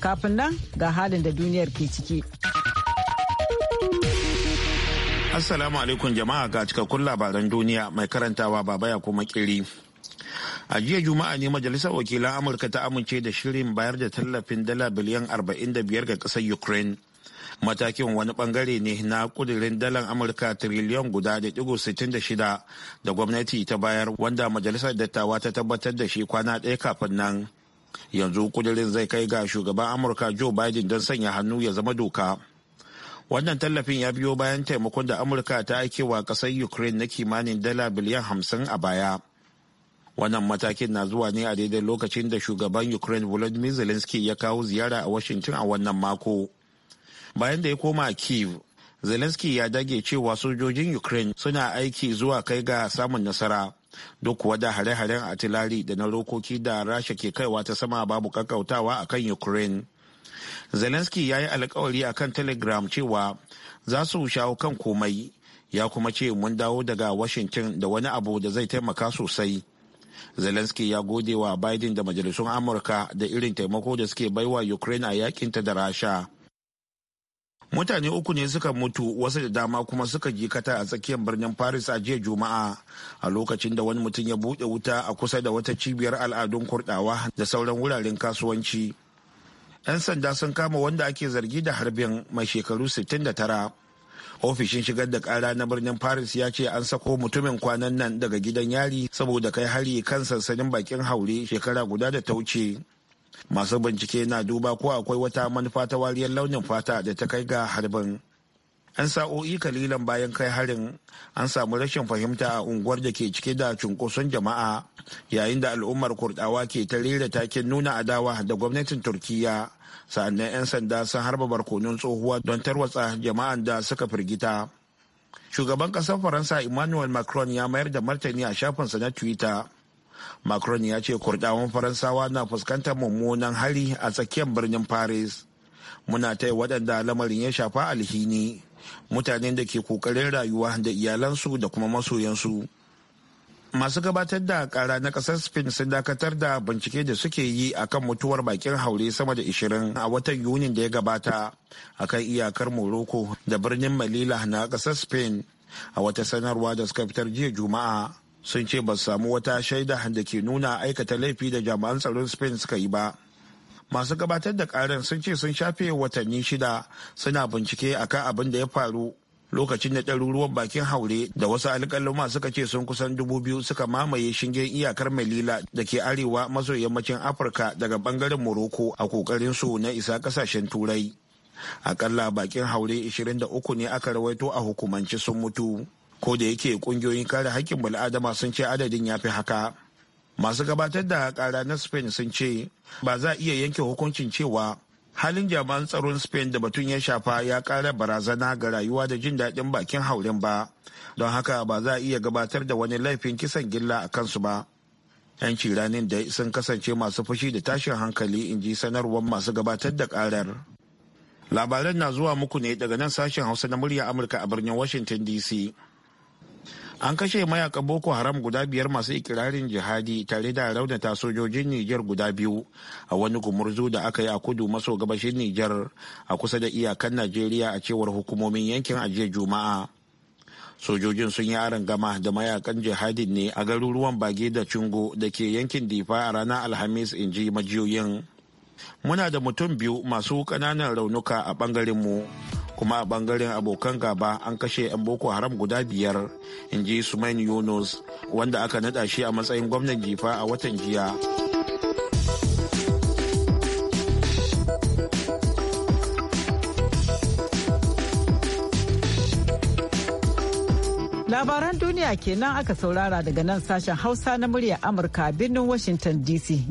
Kafin nan ga halin da duniyar ke ciki. Assalamu alaikum jama'a ga cikakkun labaran duniya mai karantawa baba ya kuma kiri. a jiya juma'a ne majalisar wakilan amurka ta amince da shirin bayar da tallafin dala biliyan 45 ga kasar ukraine matakin wani bangare ne na kudirin dalar amurka triliyan guda da digo 66 da gwamnati ta bayar wanda majalisar dattawa ta tabbatar da shi kwana ɗaya kafin nan yanzu kudirin zai kai ga shugaban amurka joe biden don sanya hannu ya zama doka wannan tallafin ya biyo bayan taimakon da amurka ta aike wa kasar ukraine na kimanin dala biliyan hamsin a baya wannan matakin na zuwa ne a daidai lokacin da shugaban ukraine volodymyr zelensky ya kawo ziyara a washington a wannan mako bayan da ya koma kiev zelensky ya dage cewa sojojin ukraine suna aiki zuwa kai ga samun nasara duk kuwa da hare-haren atilari da na rokoki da rasha ke kaiwa ta sama babu kakautawa a kan ukraine zelensky ya yi alkawari a kan telegram cewa za su shawo kan komai ya kuma ce mun dawo daga washington da wani abu da zai taimaka sosai zelensky ya gode wa biden da majalisun amurka da irin taimako da suke baiwa ukraine a yakinta da rasha mutane uku ne suka mutu wasu da dama kuma suka jikata a tsakiyar birnin paris a jiya juma'a a lokacin da wani mutum ya buɗe wuta a kusa da wata cibiyar al'adun kurɗawa da sauran wuraren kasuwanci 'yan sanda sun kama wanda ake zargi da harbin mai shekaru 69 ofishin shigar da kara na birnin paris ya ce an sako mutumin kwanan nan daga gidan yari saboda kai hari kan sansanin bakin haure shekara guda da ta wuce masu bincike na duba ko akwai wata manufa ta wariyar launin fata da ta kai ga harbin 'yan sa'o'i kalilan bayan kai harin an samu rashin fahimta a unguwar da ke cike da cunkoson jama'a yayin da al'ummar kurdawa ke ta rera takin nuna adawa da gwamnatin turkiya sa'annan 'yan sanda sun harba barkonun tsohuwa don tarwatsa jama'an da suka firgita shugaban ƙasar faransa emmanuel macron ya mayar da martani a shafinsa na twitter macron ya ce kurdawan faransawa na fuskantar mummunan hari a tsakiyar birnin paris muna ta yi waɗanda lamarin ya shafa alhini mutanen da ke kokarin rayuwa da iyalansu da kuma masoyansu masu gabatar da kara na kasar spain sun dakatar da bincike da suke yi akan mutuwar bakin haure sama da 20 a watan yunin da ya gabata akan iyakar morocco da birnin malila na kasar spain a wata sanarwa da suka fitar jiya juma'a sun ce ba su samu wata shaida da ke nuna aikata laifi da jami'an tsaron spain suka yi ba masu gabatar da karin sun ce sun shafe watanni shida suna bincike akan abin da ya faru lokacin da ɗaruruwan bakin haure da wasu alƙaluma suka ce sun kusan dubu biyu suka mamaye shingen iyakar melila da ke arewa maso yammacin afirka daga bangaren moroko a ƙoƙarin su na isa ƙasashen turai akalla bakin haure 23 ne aka rawaito a hukumance sun mutu ko da yake kungiyoyin kare hakkin bal'adama sun ce adadin ya fi haka masu gabatar da kara na spain sun ce ba za a iya yanke hukuncin cewa halin jami'an tsaron spain da batun ya shafa ya kara barazana ga rayuwa da jin daɗin bakin haurin ba don haka ba za a iya gabatar da wani laifin kisan gilla a kansu ba 'yanci ranin da sun kasance masu fushi da tashin hankali in ji sanarwar masu gabatar da ƙarar. labaran na zuwa muku ne daga nan sashen hausa na murya amurka a birnin washington dc an kashe mayaka boko haram guda biyar masu ikirarin jihadi tare da raunata sojojin niger guda biyu a wani gumurzu da aka yi a kudu maso gabashin niger a kusa da iyakan najeriya a cewar hukumomin yankin ajiya juma'a sojojin sun yi aron gama da mayakan jihadin ne a garuruwan bage da cingo da ke yankin difa a ranar alhamis in ji majiyoyin muna da mutum biyu masu ƙananan raunuka a ɓangarenmu mu kuma a bangaren abokan gaba an kashe 'yan boko haram guda biyar in ji sumain yunus wanda aka nada shi a matsayin gwamnan jifa a watan jiya labaran duniya kenan aka saurara daga nan sashen hausa na muryar amurka birnin washington dc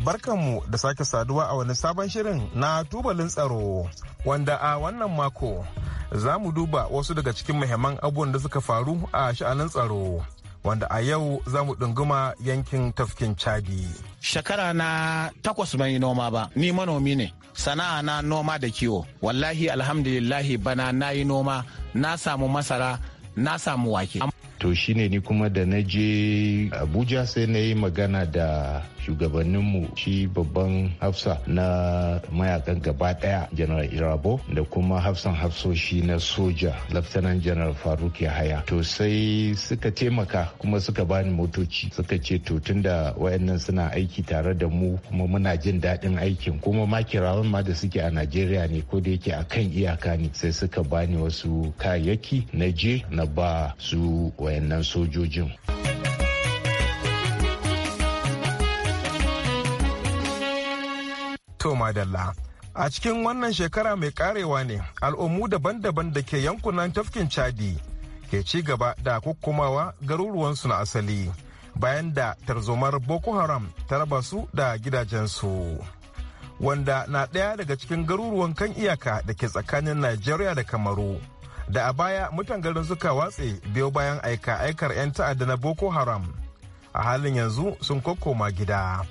barkanmu da sake saduwa a wani sabon shirin na tubalin tsaro wanda a wannan mako za mu duba wasu daga cikin muhimman abubuwan da suka faru a sha'anin tsaro wanda a yau za mu ɗunguma yankin tafkin chadi. Shekara na takwas ban yi noma ba, ni manomi ne, sana'a na noma da kiwo. Wallahi alhamdulillahi bana na yi noma, na samu masara, na samu wake. to shine ni kuma da na je abuja sai na yi magana da shugabanninmu shi babban hafsa na mayakan gaba daya general irabo da kuma hafsan hafsoshi na soja laftanan general faruk yahaya to sai suka taimaka kuma suka bani motoci suka ce to tunda wayannan suna aiki tare da mu kuma muna jin daɗin aikin kuma ma kirawan ma da suke a najeriya ne ko da yake a kan iyaka ne sai suka bani wasu kayayyaki na je na ba su wayannan sojojin. To madalla. A cikin wannan shekara mai karewa ne al'ummu daban-daban da ke yankunan tafkin Chadi ke ci gaba da kukkumawa garuruwansu na asali bayan da tarzomar Boko Haram ta raba su da gidajensu. Wanda na ɗaya daga cikin garuruwan kan iyaka da ke tsakanin Najeriya da Kamaru da a baya mutan garin suka watse biyo bayan aika aikar 'yan ta'adda na boko haram a halin yanzu sun kokoma gida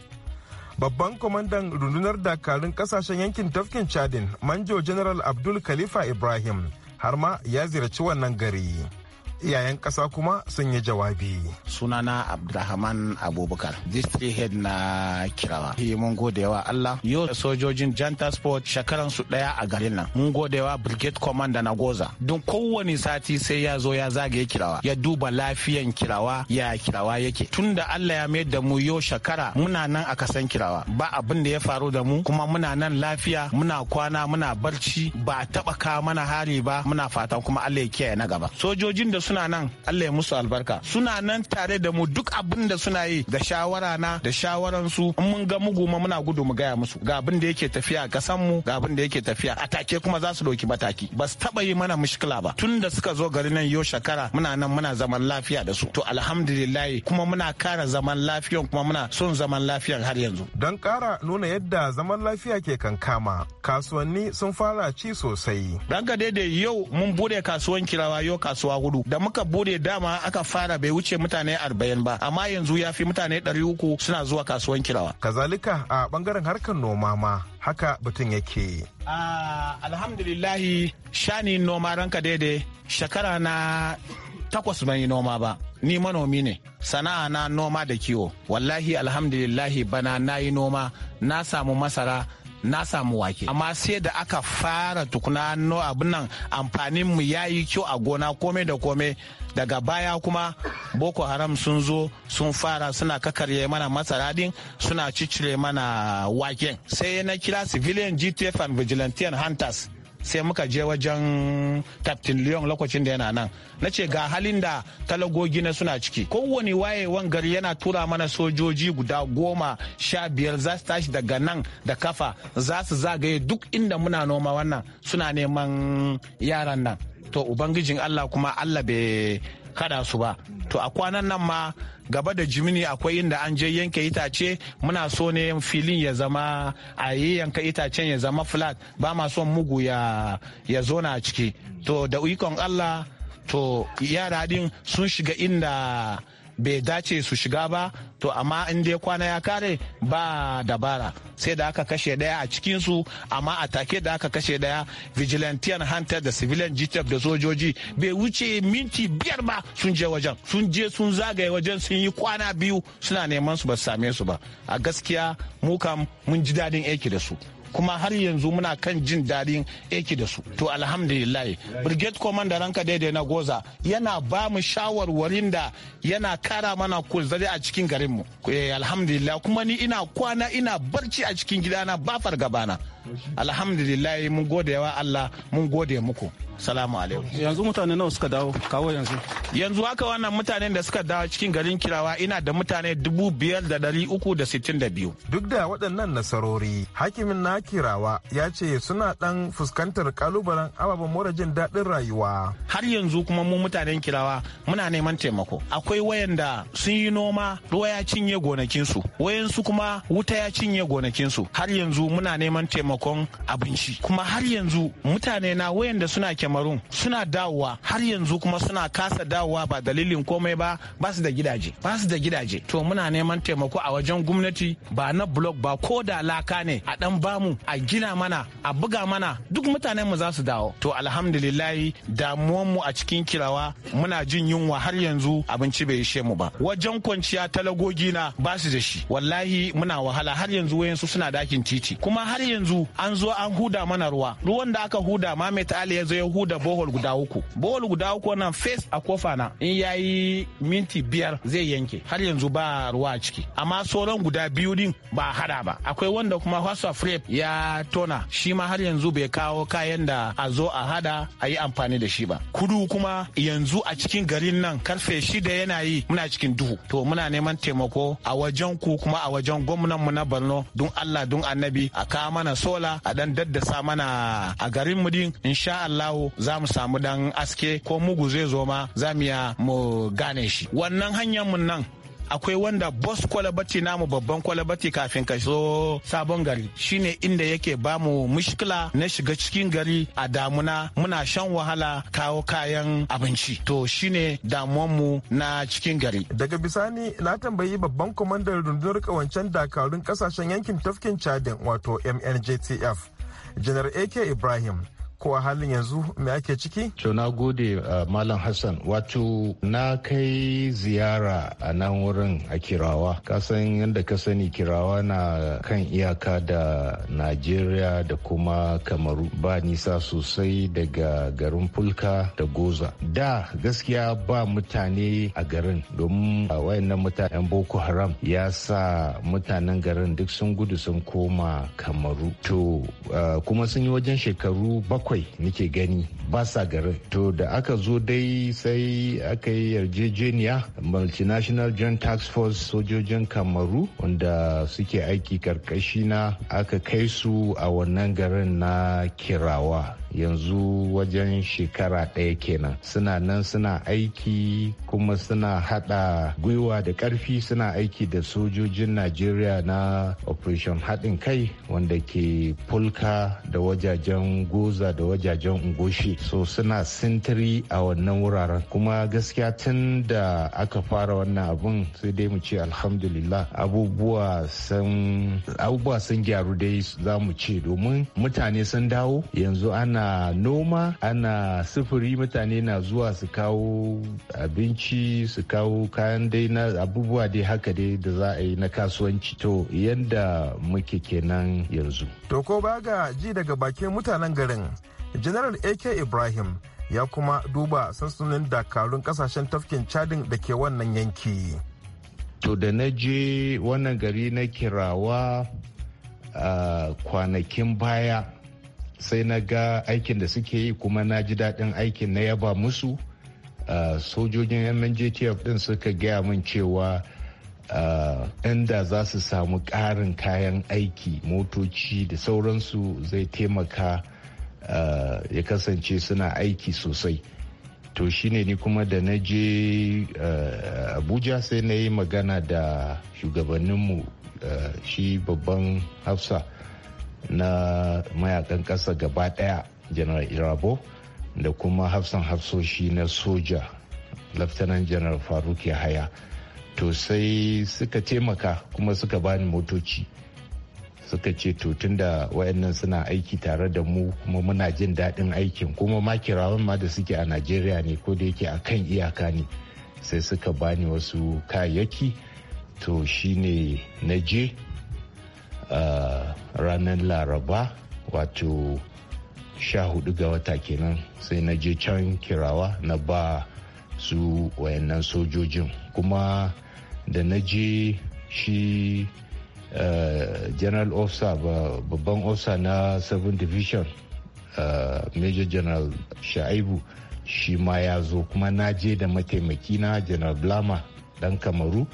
babban kwamandan rundunar dakarun kasashen yankin tafkin chadin manjo general abdul khalifa ibrahim har ma ya ziyarci wannan gari. iyayen ƙasa kuma sun yi jawabi. Sunana Abdulrahman Abubakar, district head na Kirawa. Mun gode wa Allah. Yau sojojin Janta Sport shekaran su ɗaya a garin nan. Mun gode wa Brigade Commander na Goza. Don kowane sati sai ya zo ya zagaye Kirawa. Ya duba lafiyan Kirawa ya Kirawa yake. Tun da Allah ya mayar da mu yau shekara muna nan a kasan Kirawa. Ba abin da ya faru da mu kuma muna nan lafiya muna kwana muna barci ba taɓa ka mana hari ba muna fatan kuma Allah ya kiyaye na gaba. Sojojin da su suna nan Allah ya musu albarka suna nan tare da mu duk abin da suna yi da shawara na da shawaran su in mun ga mugu ma muna gudu mu gaya musu ga abin da yake tafiya kasan mu ga abin da yake tafiya a take kuma za su doki mataki ba su taba yi mana mushkila ba tun da suka zo garin nan yau shekara muna nan muna zaman lafiya da su to alhamdulillah kuma muna kara zaman lafiyan kuma muna son zaman lafiyan har yanzu don kara nuna yadda zaman lafiya ke kankama kasuwanni sun fara ci sosai ranka daidai yau mun bude kasuwan kirawa yau kasuwa hudu da muka bude dama aka fara bai wuce mutane arba'in ba amma yanzu ya fi mutane ɗari uku suna zuwa kasuwan kirawa. Kazalika a bangaren harkar noma ma haka batun yake. alhamdulillahi shani noma ranka daidai shekara na takwas ban yi noma ba ni manomi ne sana'a na noma da kiwo wallahi alhamdulillahi bana na yi noma na samu masara na samu wake amma sai da aka fara tukuna no abin nan amfanin mu yayi kyau a gona komai da komai daga baya kuma boko haram sun zo sun fara suna kakarye mana masara suna cicire mana waken sai na kira civilian gtf and vigilante hunters sai muka je wajen captain leon lokacin da yana nan na ce ga halin da talagogi na suna ciki kowane wayewan gari yana tura mana sojoji guda goma sha biyar za su tashi daga nan da kafa za su zagaye duk inda muna noma wannan suna neman yaran nan to ubangijin allah kuma allah bai kada su ba to a kwanan nan ma gaba da jimini akwai inda an je yanke itace muna so ne filin ya zama a yi yanka itacen ya zama flat ba ma son mugu ya ya zona a ciki to da ikon allah to yara din sun shiga inda bai dace su shiga ba to amma in dai kwana ya kare ba dabara sai da aka kashe daya a cikinsu amma a take da aka kashe daya vigilantian hunter da civilian gtf da sojoji bai wuce minti biyar ba sun je wajen sun je sun zagaye wajen sun yi kwana biyu suna neman su ba su same su ba a gaskiya mu kam mun ji dadin aiki da su kuma har yanzu muna kan jin daɗin aiki da su to alhamdulillah brigade commander ranka daidai na goza yana ba mu shawarwarin da yana kara mana kuzari a cikin garin mu eh, alhamdulillah kuma ni ina kwana ina barci a cikin gidana ba fargabana alhamdulillah mun gode wa Allah mun gode muku salamu alaikum yanzu mutane nawa suka dawo kawo yanzu yanzu haka wannan mutanen da suka dawo cikin garin kirawa ina da mutane dubu biyar da dari uku da sittin da biyu duk da waɗannan nasarori hakimin na kirawa ya ce suna ɗan fuskantar kalubalen ababen more jin daɗin rayuwa har yanzu kuma mu mutanen kirawa muna neman taimako akwai wayanda sun yi noma ruwa ya cinye gonakinsu wayansu kuma wuta ya cinye gonakinsu har yanzu muna neman taimakon abinci kuma har yanzu mutane na wayanda suna kyan cameroon suna dawowa har yanzu kuma suna kasa dawowa ba dalilin komai ba ba su da gidaje ba su da gidaje to muna neman taimako a wajen gwamnati ba na blog ba ko da laka ne a dan bamu a gina mana a buga mana duk mutanen mu za su dawo to alhamdulillahi damuwan mu a cikin kirawa muna jin yunwa har yanzu abinci bai ishe mu ba wajen kwanciya talagogi na ba su da shi wallahi muna wahala har yanzu wayansu suna dakin titi kuma har yanzu an zo an huda mana ruwa ruwan da aka huda ma mai ta'ali ya zo ya da bohol guda uku bohol guda uku wannan face a kofa na in yayi minti biyar zai yanke har yanzu ba ruwa a ciki amma sauran guda biyu din ba hada ba akwai wanda kuma hasa frep ya tona shi ma har yanzu bai kawo kayan da a zo a hada a yi amfani da shi ba kudu kuma yanzu a cikin garin nan karfe shida yana yi muna cikin duhu to muna neman taimako a wajen ku kuma a wajen gwamnan mu na borno don allah don annabi a kawo mana sola a dan daddasa mana a garin mu din insha allahu. zamu za mu samu dan aske ko mugu zai zo ma za mu ya mu gane shi wannan hanyar mun nan akwai wanda bos kwalabati namu babban kwalabati kafin ka so sabon gari shine inda yake bamu mushkila na shiga cikin gari a damuna muna shan wahala kawo kayan abinci to shine mu na cikin gari daga bisani na tambayi babban kwamandan rundunar kawancen dakarun kasashen yankin tafkin chadin wato mnjtf janar ak ibrahim ko a halin yanzu me ake ciki? To na gode uh, Malam Hassan wato na kai ziyara a nan wurin a Kirawa. Kasan yadda ka sani Kirawa na kan iyaka da Najeriya da kuma Kamaru ba nisa sosai daga garin Fulka da Goza. Da gaskiya ba mutane a garin domin uh, wayannan mutanen Boko Haram ya sa mutanen garin duk sun gudu sun koma Kamaru. To uh, kuma sun yi wajen shekaru bakwai bakwai nike gani ba sa garin to da aka zo dai sai aka yi yarjejeniya multinational joint tax force sojojin kamaru wanda suke aiki karkashi na aka kai su a wannan garin na kirawa yanzu wajen shekara ɗaya kenan suna nan suna aiki kuma suna haɗa gwiwa da ƙarfi suna aiki da sojojin najeriya na operation haɗin kai wanda ke fulka da wajajen goza da wajajen ungoshi so suna sintiri a wannan wuraren kuma gaskiya tun da aka fara wannan abun sai dai mu ce alhamdulillah abubuwa sun gyaru dai za mu ce domin mutane sun dawo yanzu ana ana noma ana sufuri mutane na zuwa su kawo abinci su kawo kayan dai na abubuwa dai haka dai da za a yi na kasuwanci to yadda muke kenan yanzu to ko ba ga ji daga bakin mutanen garin general ak ibrahim ya kuma duba sansunan dakarun kasashen tafkin chadin da ke wannan yanki to da na je wannan gari na kirawa kwanakin baya sai na ga aikin da suke yi kuma na ji daɗin aikin na yaba musu sojojin mngtf din suka gaya min cewa inda za su samu ƙarin kayan aiki motoci da sauransu zai taimaka ya kasance suna aiki sosai to shine ni kuma da na je abuja sai na yi magana da shugabanninmu shi babban hafsa na mayakan ƙasa gaba ɗaya general irabo da kuma hafsan hafsoshi na soja laftanan general faruk yahaya to sai suka taimaka kuma suka bani motoci suka ce to tunda wayannan suna aiki tare da mu kuma muna jin daɗin aikin kuma makirawan ma da suke a najeriya ne ko da yake a kan iyaka ne sai suka bani wasu kayayyaki to shine na je Uh, ranar laraba wato sha hudu ga wata kenan sai na je can kirawa na ba su wayannan sojojin kuma da na je shi uh, general officer babban officer na 7 division uh, major general sha'ibu shi ma ya zo kuma na je da mataimaki na general blama dan kamaru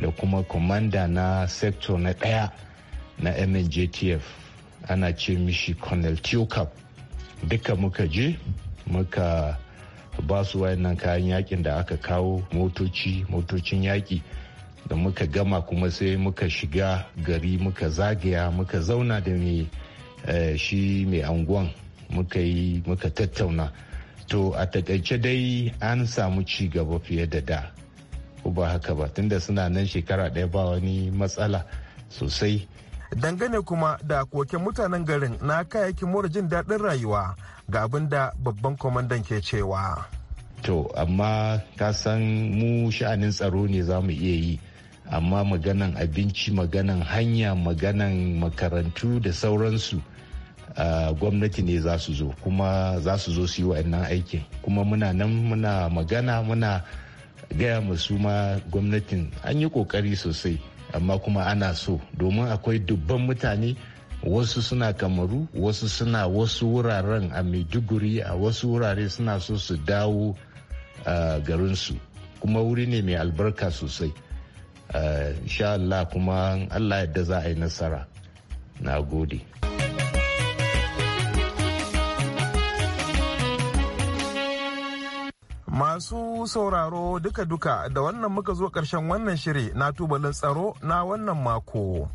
da kuma commander na sector na daya na mnjtf ana ce mishi colonel teocup duka muka je muka ba su wayannan kayan yakin da aka kawo motoci motocin yaki da muka gama kuma sai muka shiga gari muka zagaya muka zauna da mai eh, shi mai anguwan muka yi muka tattauna to a takaice dai an samu ci gaba fiye da da uba ba haka ba tunda suna nan shekara ɗaya ba wani matsala sosai dangane kuma da koken mutanen garin na kayayyakin mora jin daɗin rayuwa ga abin da babban kwamandan ke cewa. To, amma ka san mu sha'anin tsaro ne za mu iya yi, amma maganan abinci, maganan hanya, maganan makarantu da sauransu. gwamnati ne za su zo kuma za su zo su yi wa'annan aikin kuma muna nan muna magana muna gaya masu ma gwamnatin an yi kokari sosai amma kuma ana so domin akwai dubban mutane wasu suna kamaru wasu suna wasu wuraren a maiduguri a wasu wurare suna so su dawo garinsu kuma wuri ne mai albarka sosai Allah kuma allah yadda za a yi nasara na gode. Masu sauraro duka-duka da wannan muka zo ƙarshen wannan shiri na tubalin tsaro na wannan mako.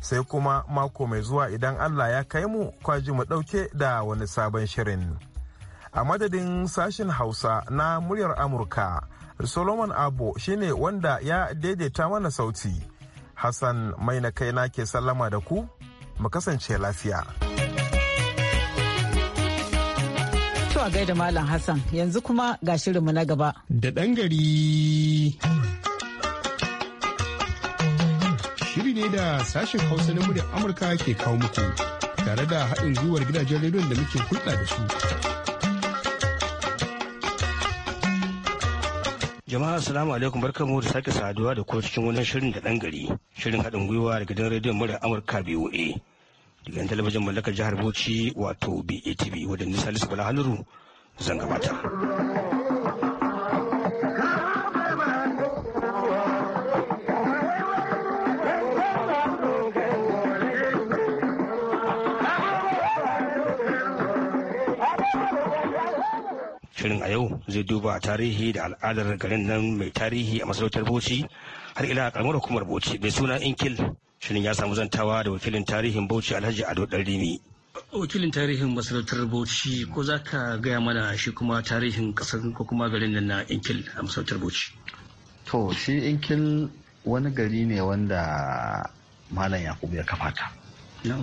Sai kuma mako mai zuwa idan Allah ya kai mu kwaji mu ɗauke da wani sabon shirin. A madadin sashin Hausa na muryar Amurka, Solomon Abo shine wanda ya daidaita mana sauti. Hassan mai na kaina ke sallama da ku, mu kasance lafiya. a gaida Malam Hassan yanzu kuma ga shirinmu na gaba. Da ɗan gari. Shiri ne da sashen Hausa na muryar Amurka ke kawo muku tare da haɗin gwiwar gidajen rediyon da muke hulɗa da su. Jama'a salamu alaikum barkamu da sake saduwa da kuma cikin wannan shirin da ɗan gari shirin haɗin gwiwa da gidan rediyon muryar Amurka BOA. daga talabijin mallakar jihar bauchi wato batv wadda nisa lisu bala haluru zan gabatar shirin a yau zai duba a tarihi da al'adar garin nan mai tarihi a masarautar bauchi har ila karamar hukumar bauchi mai suna inkil Shirin ya samu zantawa da wakilin tarihin Bauchi Alhaji Ado Ɗanrimi. Wakilin tarihin masarautar Bauchi ko za ka gaya mana shi kuma tarihin ƙasar ko kuma garin nan na Inkil a masarautar Bauchi. To shi Inkil wani gari ne wanda Malam Yakubu ya kafata. A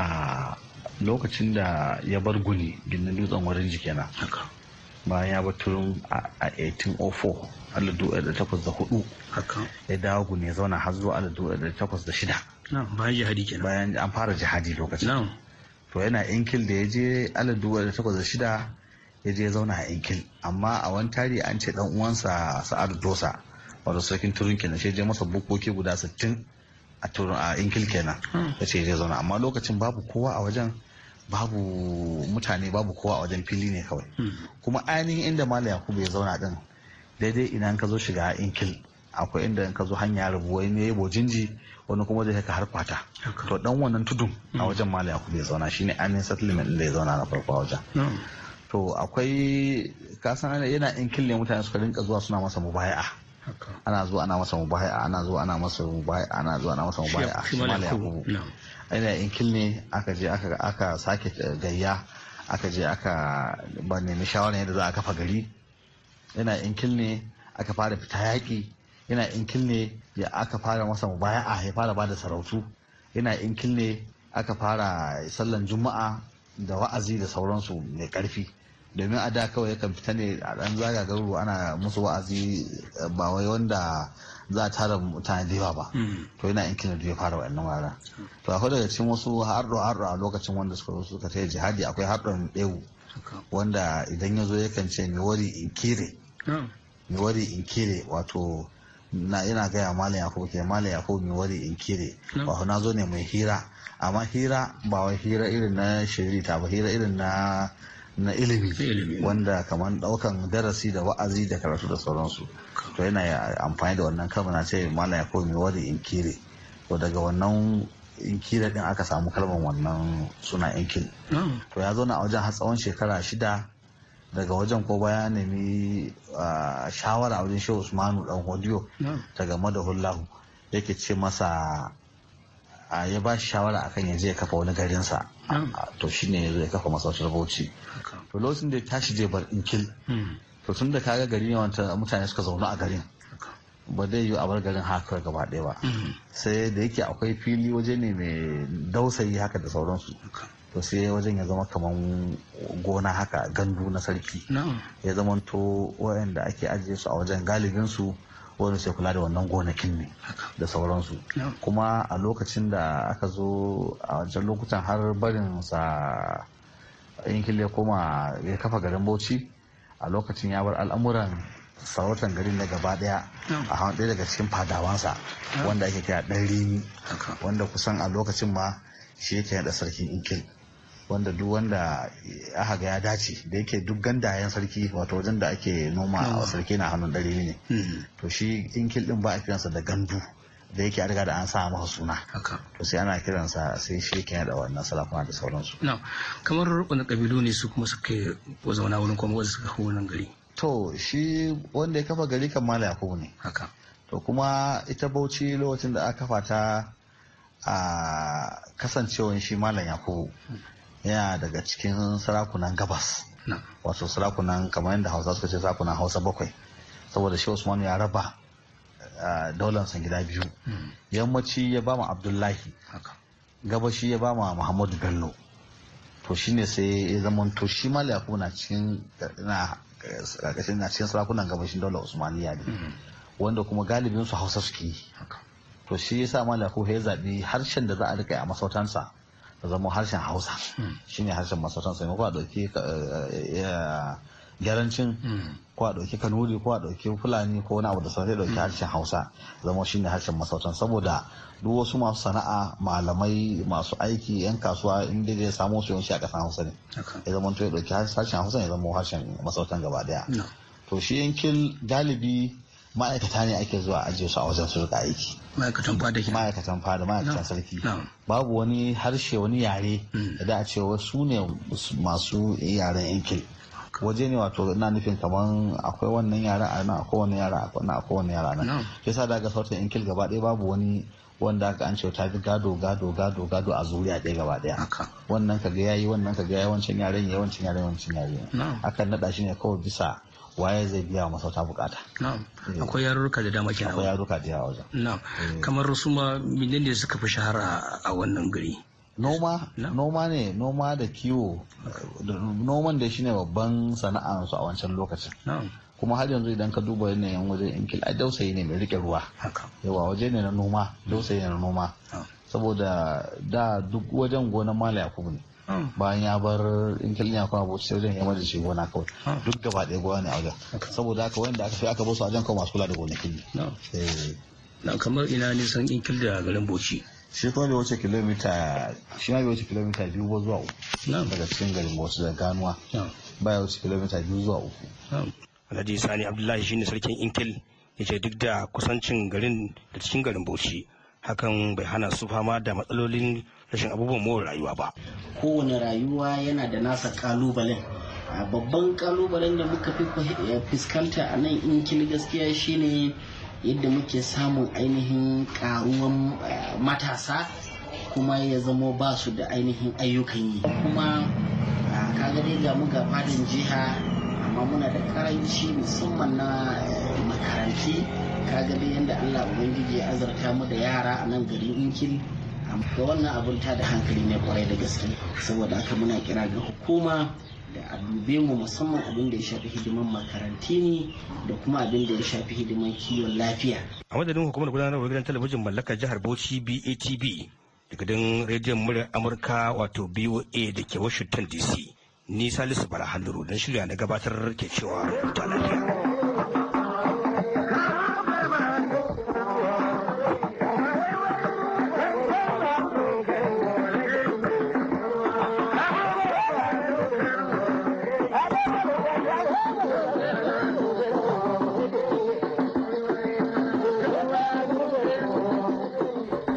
ah, lokacin da ya bar guni ginin dutsen wurin jikena. bayan ya turun a 1804 1804 ya dawo gune zauna har zuwa 1806 bayan jihadi kenan bayan an fara jihadi lokacin to yana inkil da ya je 1806 ya je zauna a inkil amma a wani tari an ce dan uwansa sa'adu dosa wato sarkin turin kenan shi je masa bukoki guda 60 a turin a inkil kenan hmm. ya ce ya je zauna amma lokacin babu kowa a wajen babu mutane babu kowa a wajen fili ne kawai hmm. kuma ainihin inda mala yakubu ya zauna din daidai idan ka zo shiga inkil akwai inda ka zo hanya rubu ne yabo jinji wani kuma zai ka har kwata to dan wannan tudun a hmm. wajen mala yakubu ya zauna shine ainihin settlement inda ya zauna na farko a wajen hmm. to akwai kasan yana inkil ne mutane suka rinka zuwa suna masa mubaya'a ana zuwa ana masa mubaya'a ana zuwa ana masa mubaya'a ana zuwa ana masa mubaya'a shi mala yakubu ina in kilne aka je aka sake eh, gayya aka je aka ba nemi shawarar yadda za a kafa gari yana in kilne aka fara fita yaƙi yana in kilne ya aka fara masa mubaya'a ya fara ba da sarautu yana in kilne aka fara sallan juma'a da wa'azi da sauransu mai karfi domin a da kawai yakan fita ne a ɗan zaga garuru ana musu wa'azi eh, ba wai wanda za a tara mutane da yawa ba hmm. to yana intanet da ya fara wa'annan wara to akwai daga cikin wasu harɗo harɗo a lokacin wanda suka suka ta jihadi akwai harɗon ɗewu wanda idan ya zo yakan ce mi wari in kire hmm. mi wari in kire wato na ina gaya malam yakubu ke malam yakubu mi wari in kire hmm. wato na zo ne mai hira amma hira ba wai hira irin na shirita ba hira irin na na ilimi wanda kamar daukan darasi da wa'azi da karatu da sauransu to yana amfani da wannan kalma na ce mana ya komi wani inkiri to daga wannan inkira din aka samu kalmar wannan suna inkil. Hmm. to ya zo na wajen har tsawon shekara shida daga wajen ko baya nemi shawara wajen shehu usmanu dan hodiyo hmm. ta game da hullahu yake ce masa a ya ba shi shawara akan ya je ya kafa wani garinsa hmm. to shine ya ya kafa masarautar bauchi to lokacin da ya tashi je bar inkil to tun da kaga gari ne wanda mutane suka zauna a garin ba zai yi a bar garin haka gaba ɗaya ba mm-hmm. sai da yake akwai fili waje ne mai dausayi haka da sauransu to sai wajen ya zama kamar gona haka gandu na sarki ya zama to wayanda ake ajiye su a wajen galibin su wani sai kula da wannan gonakin ne da sauransu kuma a lokacin da aka zo a wajen lokutan har barin sa yankile koma ya kafa garin bauchi a lokacin ya bar al'amuran sarautar garin na gaba daya a hannun ɗaya daga cikin fadawansa wanda ake kira ɗan rimi wanda kusan a lokacin ma shi yake da sarkin inkil wanda duk wanda aka ga ya dace da yake duk gandayen sarki wato wajen da ake noma a sarki na hannun ɗan rini ne hmm. to shi inkil din ba a kiransa da gandu da yake an riga da an sa masa suna to sai ana kiransa sai shi ke da wannan salafa da sauransu kamar wani kabilu ne su kuma suka zauna wurin kuma wanda suka kawo wannan gari to shi wanda ya kafa gari kan mala yakubu ne haka to kuma ita bauchi lokacin da aka kafa ta a kasancewa shi malam yakubu yana daga cikin sarakunan gabas wato sarakunan kamar yadda hausa suka ce sarakunan hausa bakwai saboda shi usman ya raba san gida biyu hmm. yammaci ya ba mu abdullahi gabashi ya ba mu muhammadu bello to shine sai ya zama to shi ma yakubu na cikin na cikin sarakunan gabashin daular usmaniya ne hmm. wanda kuma galibin su hausa suke yi to shi ya sa yakubu ya zaɓi harshen da za a rika a masautansa da zama harshen hausa hmm. shine harshen masautansa maimakon a ɗauki eh, garancin ko a ɗauki kanuri ko a ɗauki fulani ko wani abu da sauran ɗauki harshen hausa zama shine harshen masautan saboda duk wasu masu sana'a malamai masu aiki yan kasuwa inda zai samu su yawanci a ƙasar hausa ne ya zama to ya ɗauki harshen hausa ya zama harshen masautan gaba daya to shi yankin galibi ma'aikata ne ake zuwa ajiye su a wajen su rika aiki ma'aikatan fada ma'aikatan fada ma'aikatan sarki babu wani harshe wani yare mm. da a cewa su ne masu yaren yankin waje ne wato na nufin kaman akwai wannan yara a nan akwai wannan yara a nan akwai wannan yara nan sa daga sautin inkil gaba ɗaya babu wani wanda aka an ta fi gado gado gado gado a zuriya ɗaya gaba ɗaya wannan ga yayi wannan ga yayi wancan yaren yayi wancan yaren wancan yaren akan naɗa shi ne kawai bisa waye zai biya masa ta bukata. Eh. Akwai yarurruka da dama kenan. Akwai yarurruka da yawa wajen. Eh. Kamar su ma menene suka fi shahara a wannan gari? noma noma ne noma da kiwo noman da shine babban sana'ansu a wancan lokacin kuma har yanzu idan ka duba yanayin wajen inkil ai dausayi ne mai rike ruwa yawa waje ne na noma dausayi ne na noma saboda da duk wajen gonan mala yakubu ne bayan ya bar inkil ya kuma bauchi sai wajen ya mada shi gona kawai duk gaba ɗaya gona ne a wajen saboda haka wanda aka fi aka a wajen kawai masu kula da gonakin ne eh. kamar ina nisan inkil da garin bauchi shi kuma bai wuce kilomita shi ma bai wuce kilomita biyu ba zuwa uku daga cikin garin wasu da ganuwa ba ya wuce kilomita biyu zuwa uku alhaji sani abdullahi shine sarkin inkil ya ce duk da kusancin garin da cikin garin bauchi hakan bai hana su fama da matsalolin rashin abubuwan more rayuwa ba kowane rayuwa yana da nasa kalubalen babban kalubalen da muka fi fuskanta a nan inkil gaskiya shine yadda muke samun ainihin karuwan eh, matasa kuma ya zamo ba su da ainihin ayyukan yi kuma ah, kaga dai ga mu ga fadin jiha amma muna da karanci musamman na eh, makaranti kaga dai yadda allah ubangiji ya azarta mu da yara a nan gari inkil ga wannan abun ta da hankali ne kwarai da gaske saboda haka muna kira ga hukuma da a dube mu musamman abin da ya shafi hidiman makaranti ne da kuma abin da ya shafi hidiman kiwon lafiya. A madadin hukumar gudanarwar gidan talabijin mallakar jihar Bauchi BATB daga dan rediyon muryar Amurka wato BOA da ke Washington DC. Ni Salisu Bala Handuru don shirya na gabatar ke cewa ta lafiya.